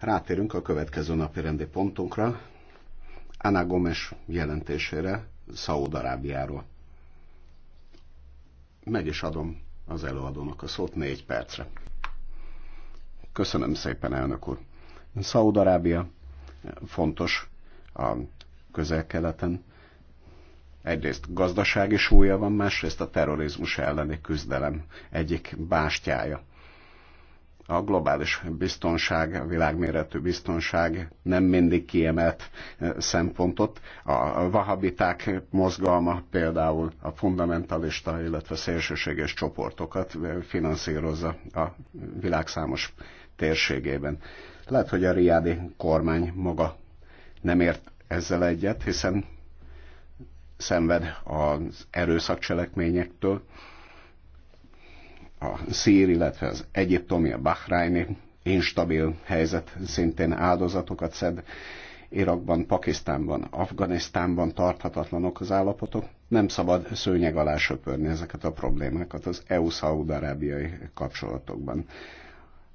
Rátérünk a következő napi rendi pontunkra, Ana Gomes jelentésére Szaúd-Arábiáról. Meg is adom az előadónak a szót négy percre. Köszönöm szépen, elnök úr. Szaúd-Arábia fontos a közel-keleten. Egyrészt gazdasági súlya van, másrészt a terrorizmus elleni küzdelem egyik bástyája a globális biztonság, a világméretű biztonság nem mindig kiemelt eh, szempontot. A vahabiták mozgalma például a fundamentalista, illetve szélsőséges csoportokat eh, finanszírozza a világ számos térségében. Lehet, hogy a riádi kormány maga nem ért ezzel egyet, hiszen szenved az erőszakcselekményektől, a szír, illetve az egyiptomi, a bahrájni instabil helyzet szintén áldozatokat szed. Irakban, Pakisztánban, Afganisztánban tarthatatlanok az állapotok. Nem szabad szőnyeg alá söpörni ezeket a problémákat az EU-Szaúd-arábiai kapcsolatokban.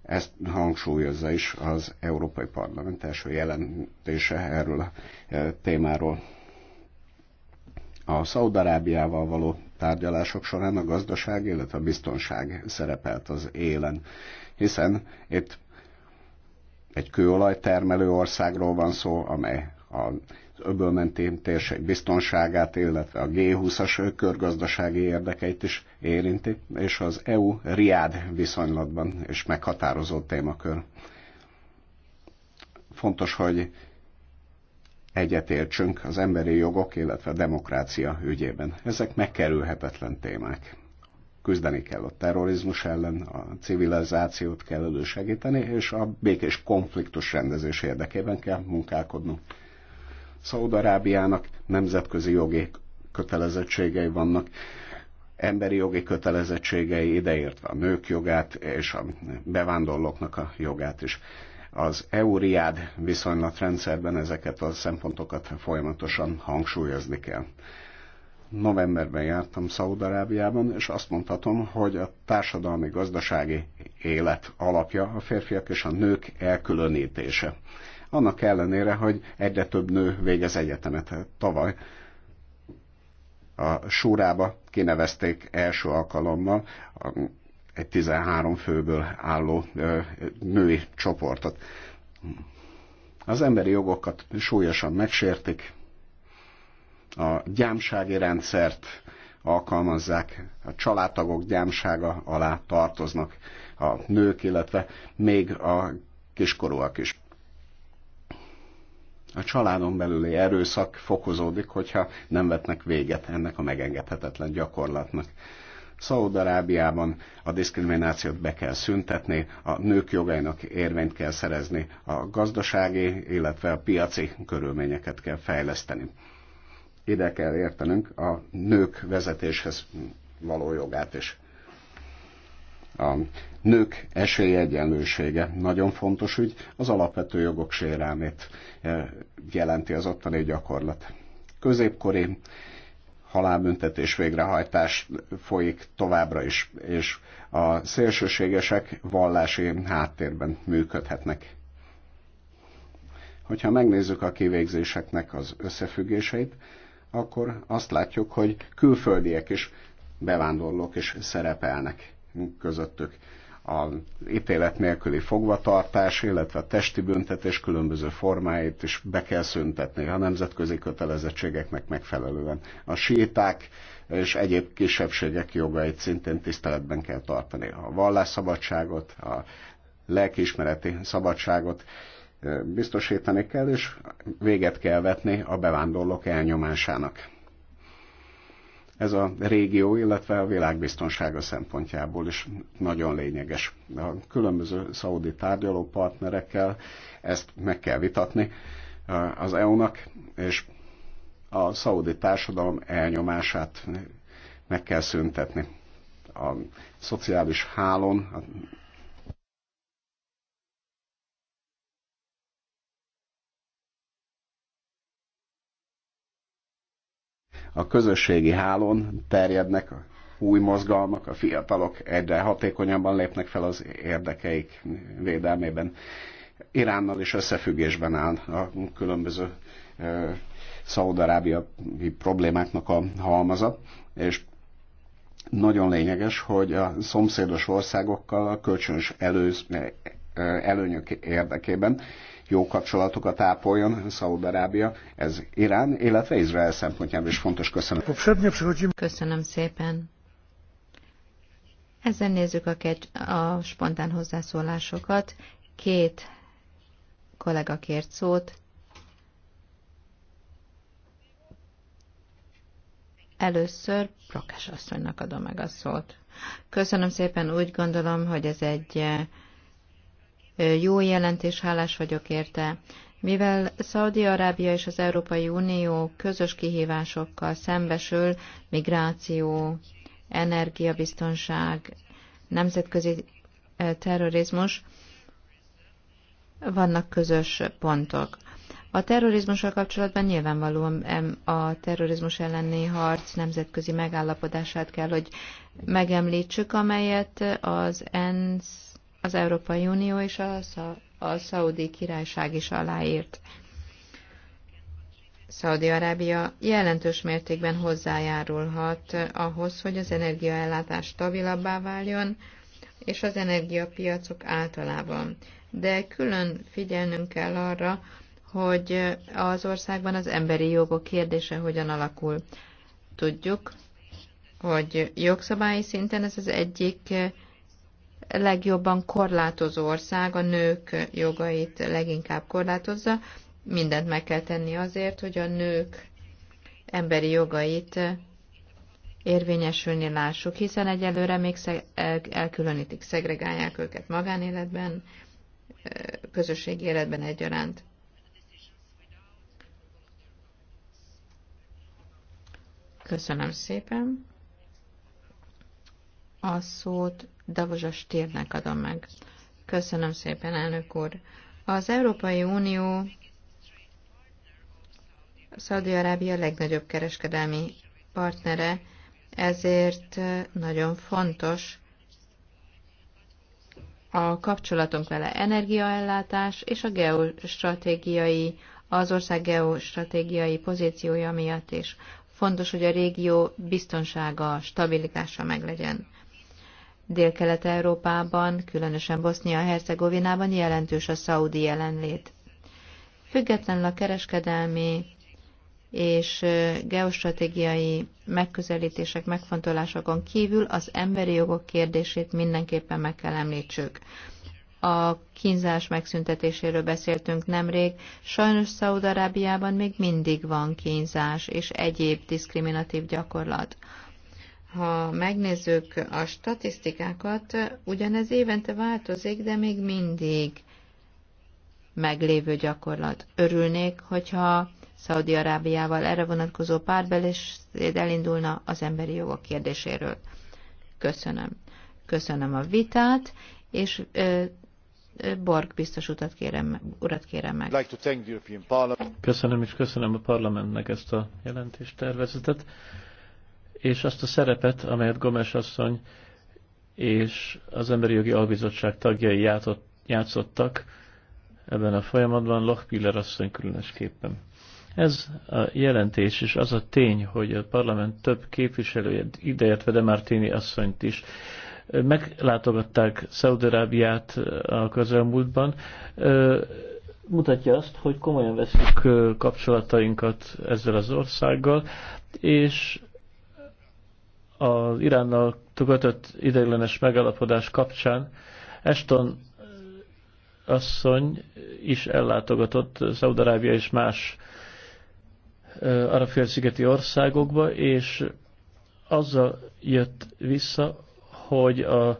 Ezt hangsúlyozza is az Európai Parlament első jelentése erről a e, témáról. A Szaudarábiával való tárgyalások során a gazdaság, illetve a biztonság szerepelt az élen, hiszen itt egy kőolajtermelő országról van szó, amely az öbölmenti térség biztonságát, illetve a G20-as körgazdasági érdekeit is érinti, és az EU-Riád viszonylatban is meghatározó témakör. Fontos, hogy egyetértsünk az emberi jogok, illetve a demokrácia ügyében. Ezek megkerülhetetlen témák. Küzdeni kell a terrorizmus ellen, a civilizációt kell elősegíteni, és a békés konfliktus rendezés érdekében kell munkálkodnunk. Szaudarábiának nemzetközi jogi kötelezettségei vannak, emberi jogi kötelezettségei ideértve a nők jogát és a bevándorlóknak a jogát is az EURIÁD viszonylatrendszerben ezeket a szempontokat folyamatosan hangsúlyozni kell. Novemberben jártam Szaúd-Arábiában, és azt mondhatom, hogy a társadalmi-gazdasági élet alapja a férfiak és a nők elkülönítése. Annak ellenére, hogy egyre több nő végez egyetemet tavaly, a súrába kinevezték első alkalommal egy 13 főből álló női csoportot. Az emberi jogokat súlyosan megsértik, a gyámsági rendszert alkalmazzák, a családtagok gyámsága alá tartoznak a nők, illetve még a kiskorúak is. A családon belüli erőszak fokozódik, hogyha nem vetnek véget ennek a megengedhetetlen gyakorlatnak. Szaúd-Arábiában a diszkriminációt be kell szüntetni, a nők jogainak érvényt kell szerezni, a gazdasági, illetve a piaci körülményeket kell fejleszteni. Ide kell értenünk a nők vezetéshez való jogát is. A nők esélyegyenlősége nagyon fontos ügy, az alapvető jogok sérelmét eh, jelenti az ottani gyakorlat. Középkori halálbüntetés végrehajtás folyik továbbra is, és a szélsőségesek vallási háttérben működhetnek. Hogyha megnézzük a kivégzéseknek az összefüggéseit, akkor azt látjuk, hogy külföldiek is, bevándorlók is szerepelnek közöttük az ítélet nélküli fogvatartás, illetve a testi büntetés különböző formáit is be kell szüntetni a nemzetközi kötelezettségeknek megfelelően. A síták és egyéb kisebbségek jogait szintén tiszteletben kell tartani. A vallásszabadságot, a lelkiismereti szabadságot eh, biztosítani kell, és véget kell vetni a bevándorlók elnyomásának ez a régió, illetve a világbiztonsága szempontjából is nagyon lényeges. A különböző szaudi tárgyaló partnerekkel ezt meg kell vitatni az EU-nak, és a szaudi társadalom elnyomását meg kell szüntetni. A szociális hálón, a közösségi hálón terjednek a új mozgalmak, a fiatalok egyre hatékonyabban lépnek fel az érdekeik védelmében. Iránnal is összefüggésben áll a különböző szaudarábiai problémáknak a halmaza, és nagyon lényeges, hogy a szomszédos országokkal a kölcsönös előz, előnyök érdekében jó kapcsolatokat ápoljon Szaúd-Arábia, ez Irán, illetve Izrael szempontjából is fontos. Köszönöm. Köszönöm szépen. Ezzel nézzük a, kegy, a spontán hozzászólásokat. Két kollega kért szót. Először Prokes asszonynak adom meg a szót. Köszönöm szépen, úgy gondolom, hogy ez egy jó jelentés, hálás vagyok érte. Mivel Szaudi-Arábia és az Európai Unió közös kihívásokkal szembesül, migráció, energiabiztonság, nemzetközi eh, terrorizmus, vannak közös pontok. A terrorizmussal kapcsolatban nyilvánvalóan a terrorizmus elleni harc nemzetközi megállapodását kell, hogy megemlítsük, amelyet az ENSZ az Európai Unió és a, Sza a Szaudi Királyság is aláírt. Szaudi-Arábia jelentős mértékben hozzájárulhat ahhoz, hogy az energiaellátás stabilabbá váljon, és az energiapiacok általában. De külön figyelnünk kell arra, hogy az országban az emberi jogok kérdése hogyan alakul. Tudjuk, hogy jogszabályi szinten ez az egyik legjobban korlátozó ország, a nők jogait leginkább korlátozza. Mindent meg kell tenni azért, hogy a nők emberi jogait érvényesülni lássuk, hiszen egyelőre még elkülönítik, szegregálják őket magánéletben, közösségi életben egyaránt. Köszönöm szépen. A szót Davozsas térnek adom meg. Köszönöm szépen, elnök úr. Az Európai Unió Szaudi-Arábia legnagyobb kereskedelmi partnere, ezért nagyon fontos a kapcsolatunk vele energiaellátás és a geostratégiai, az ország geostratégiai pozíciója miatt is. Fontos, hogy a régió biztonsága, stabilitása meglegyen. Dél-Kelet-Európában, különösen Bosznia-Hercegovinában jelentős a szaudi jelenlét. Függetlenül a kereskedelmi és geostratégiai megközelítések, megfontolásokon kívül az emberi jogok kérdését mindenképpen meg kell említsük. A kínzás megszüntetéséről beszéltünk nemrég, sajnos Szaudarábiában még mindig van kínzás és egyéb diszkriminatív gyakorlat ha megnézzük a statisztikákat, ugyanez évente változik, de még mindig meglévő gyakorlat. Örülnék, hogyha Szaudi-Arábiával erre vonatkozó párbeszéd elindulna az emberi jogok kérdéséről. Köszönöm. Köszönöm a vitát, és ö, Borg biztos utat kérem, urat kérem meg. Köszönöm, és köszönöm a parlamentnek ezt a jelentéstervezetet és azt a szerepet, amelyet Gomes asszony és az Emberi Jogi Albizottság tagjai játott, játszottak ebben a folyamatban, Lochpiller asszony különösképpen. Ez a jelentés és az a tény, hogy a parlament több képviselője, ideértve de Martini asszonyt is, meglátogatták Szaudarábiát a közelmúltban, mutatja azt, hogy komolyan veszük kapcsolatainkat ezzel az országgal, és az Iránnal kötött ideiglenes megállapodás kapcsán Eston eh, asszony is ellátogatott Szaudarábia és más eh, arabfélszigeti országokba, és azzal jött vissza, hogy a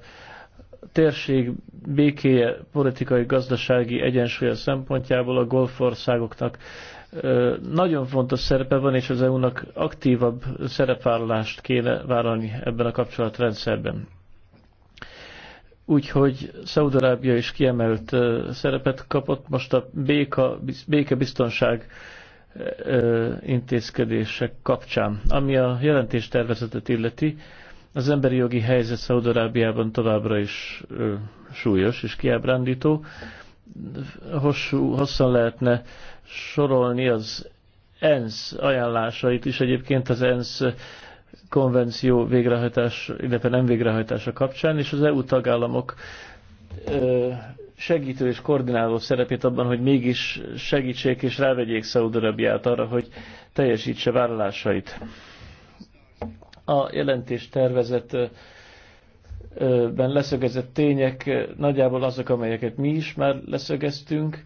térség békéje, politikai, gazdasági egyensúlya szempontjából a golfországoknak nagyon fontos szerepe van, és az EU-nak aktívabb szerepvállalást kéne vállalni ebben a kapcsolatrendszerben. Úgyhogy Szaudarábia is kiemelt szerepet kapott, most a béka, békebiztonság intézkedések kapcsán. Ami a jelentéstervezetet illeti, az emberi jogi helyzet Szaudarábiában továbbra is ö, súlyos és kiábrándító. Hosszú, hosszan lehetne sorolni az ENSZ ajánlásait is egyébként az ENSZ konvenció végrehajtás, illetve nem végrehajtása kapcsán, és az EU tagállamok ö, segítő és koordináló szerepét abban, hogy mégis segítsék és rávegyék Szaudarábiát arra, hogy teljesítse vállalásait a jelentés tervezetben leszögezett tények nagyjából azok, amelyeket mi is már leszögeztünk.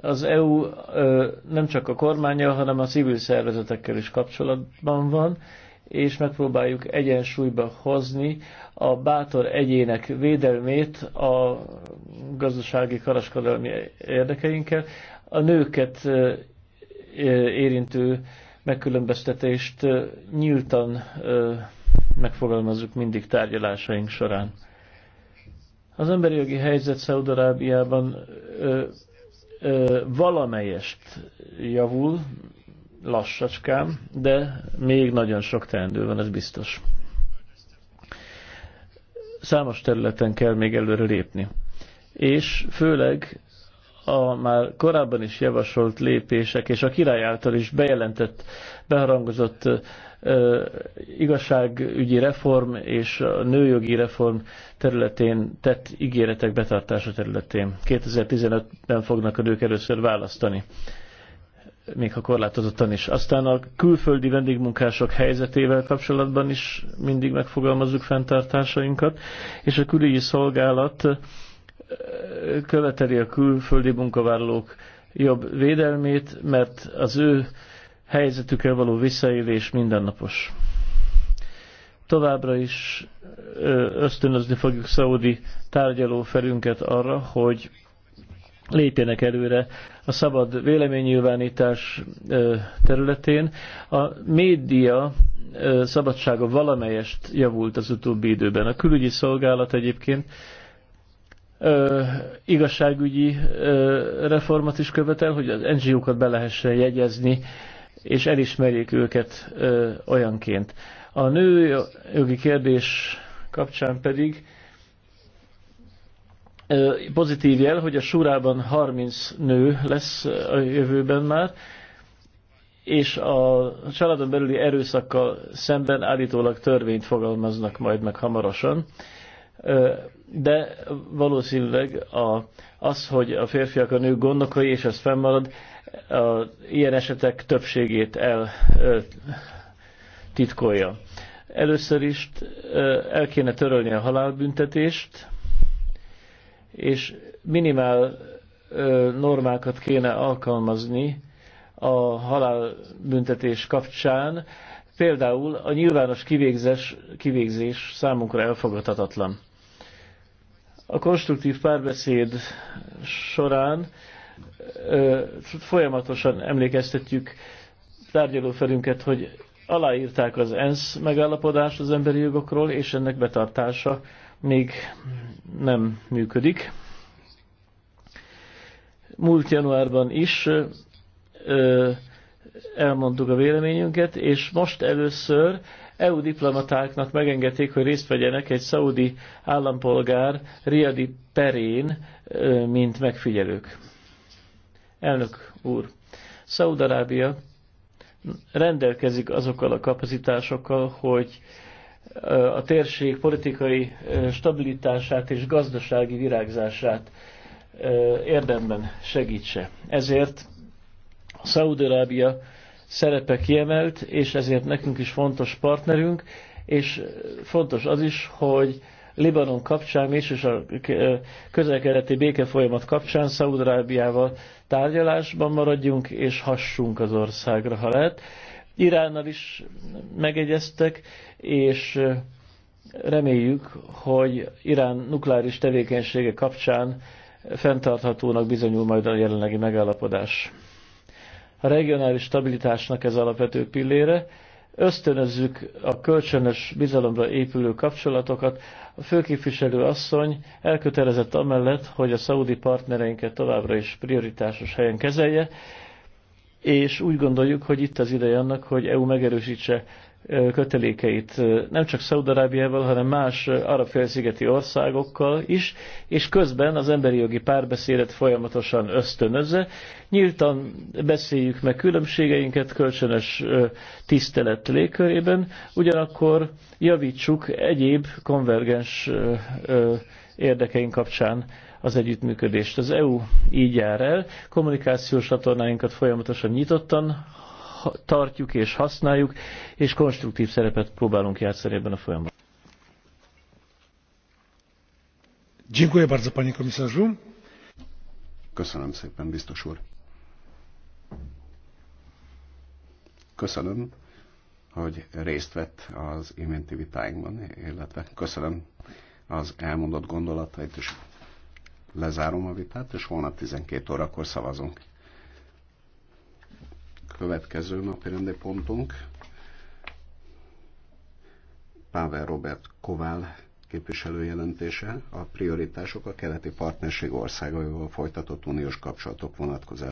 Az EU nem csak a kormánya, hanem a civil szervezetekkel is kapcsolatban van, és megpróbáljuk egyensúlyba hozni a bátor egyének védelmét a gazdasági kereskedelmi érdekeinkkel, a nőket érintő megkülönböztetést nyíltan megfogalmazzuk mindig tárgyalásaink során. Az emberi jogi helyzet Szaudarábiában valamelyest javul, lassacskán, de még nagyon sok teendő van, ez biztos. Számos területen kell még előre lépni. És főleg a már korábban is javasolt lépések és a király által is bejelentett, beharangozott ö, igazságügyi reform és a nőjogi reform területén tett ígéretek betartása területén. 2015-ben fognak a nők először választani még ha korlátozottan is. Aztán a külföldi vendégmunkások helyzetével kapcsolatban is mindig megfogalmazzuk fenntartásainkat, és a külügyi szolgálat követeli a külföldi munkavállalók jobb védelmét, mert az ő helyzetükkel való visszaélés mindennapos. Továbbra is ösztönözni fogjuk szaudi tárgyalófelünket arra, hogy lépjenek előre a szabad véleménynyilvánítás területén. A média szabadsága valamelyest javult az utóbbi időben. A külügyi szolgálat egyébként ö, igazságügyi ö, reformat is követel, hogy az NGO-kat be lehessen jegyezni, és elismerjék őket ö, olyanként. A nő jogi kérdés kapcsán pedig ö, pozitív jel, hogy a súrában 30 nő lesz a jövőben már, és a családon belüli erőszakkal szemben állítólag törvényt fogalmaznak majd meg hamarosan. Ö, de valószínűleg az, hogy a férfiak a nők gondokai, és ez fennmarad, a, ilyen esetek többségét el titkolja. Először is el kéne törölni a halálbüntetést, és minimál normákat kéne alkalmazni a halálbüntetés kapcsán. Például a nyilvános kivégzés, kivégzés számunkra elfogadhatatlan a konstruktív párbeszéd során folyamatosan emlékeztetjük tárgyalófelünket, hogy aláírták az ENSZ megállapodást az emberi jogokról, és ennek betartása még nem működik. Múlt januárban is ö, elmondtuk a véleményünket, és most először EU diplomatáknak megengedték, hogy részt vegyenek egy szaudi állampolgár Riadi Perén, mint megfigyelők. Elnök úr, Szaudarábia rendelkezik azokkal a kapacitásokkal, hogy a térség politikai stabilitását és gazdasági virágzását érdemben segítse. Ezért Szaudarábia szerepe kiemelt, és ezért nekünk is fontos partnerünk, és fontos az is, hogy Libanon kapcsán és a közel-keleti békefolyamat kapcsán Szaudarábiával tárgyalásban maradjunk, és hassunk az országra, ha lehet. Iránnal is megegyeztek, és reméljük, hogy Irán nukleáris tevékenysége kapcsán fenntarthatónak bizonyul majd a jelenlegi megállapodás. A regionális stabilitásnak ez alapvető pillére. Ösztönözzük a kölcsönös bizalomra épülő kapcsolatokat. A főképviselő asszony elkötelezett amellett, hogy a szaudi partnereinket továbbra is prioritásos helyen kezelje, és úgy gondoljuk, hogy itt az ideje annak, hogy EU megerősítse kötelékeit nem csak Szaudarábiával, hanem más arab félszigeti országokkal is, és közben az emberi jogi párbeszédet folyamatosan ösztönözze. Nyíltan beszéljük meg különbségeinket kölcsönös tisztelet légkörében, ugyanakkor javítsuk egyéb konvergens érdekeink kapcsán az együttműködést. Az EU így jár el, kommunikációs csatornáinkat folyamatosan nyitottan tartjuk és használjuk, és konstruktív szerepet próbálunk játszani ebben a folyamatban. Dziękuję bardzo, panie komisarzu. Köszönöm szépen, biztos úr. Köszönöm, hogy részt vett az iménti vitáinkban, illetve köszönöm az elmondott gondolatait, és lezárom a vitát, és holnap 12 órakor szavazunk következő napi rendi pontunk. Pável Robert Kovál képviselő jelentése a prioritások a keleti partnerség országaival folytatott uniós kapcsolatok vonatkozásában.